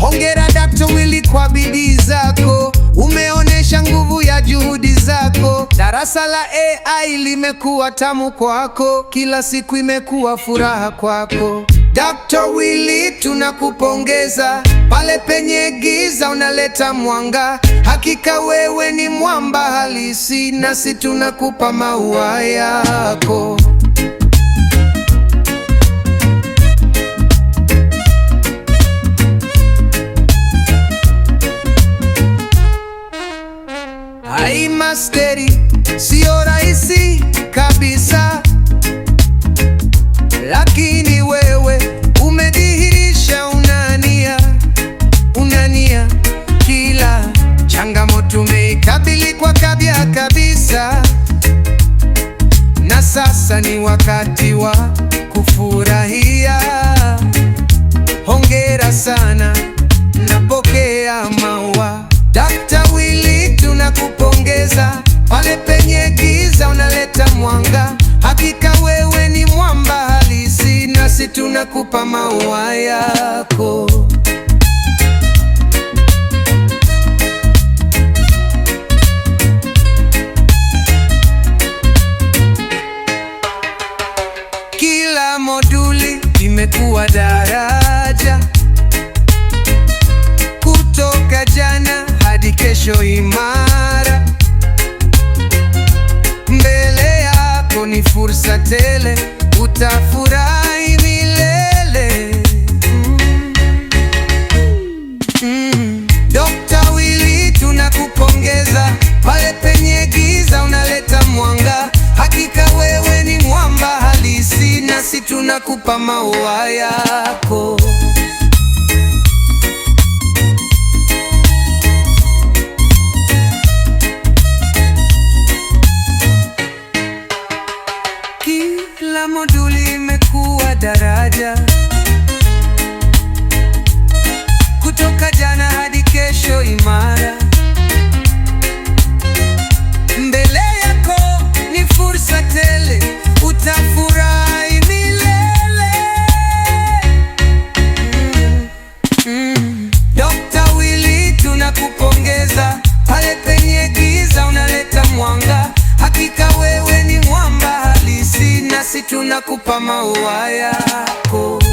Hongera Dr. Willy kwa bidii zako, umeonesha nguvu ya juhudi zako. Darasa la AI limekuwa tamu kwako, kila siku imekuwa furaha kwako. Dr. Willy tunakupongeza, pale penye giza unaleta mwanga. Hakika wewe ni mwamba halisi, nasi tunakupa maua yako. sasa ni wakati wa kufurahia. Hongera sana, napokea maua. Dr. Willy tunakupongeza, pale penye giza unaleta mwanga. Hakika wewe ni mwamba halisi, nasi tunakupa maua ya ni fursa tele, utafurahi milele. Mm. Dokta Willy tunakupongeza, pale penye giza unaleta mwanga. Hakika wewe ni mwamba halisi, nasi tunakupa maua yako. hakika wewe ni mwamba halisi, nasi tunakupa maua yako.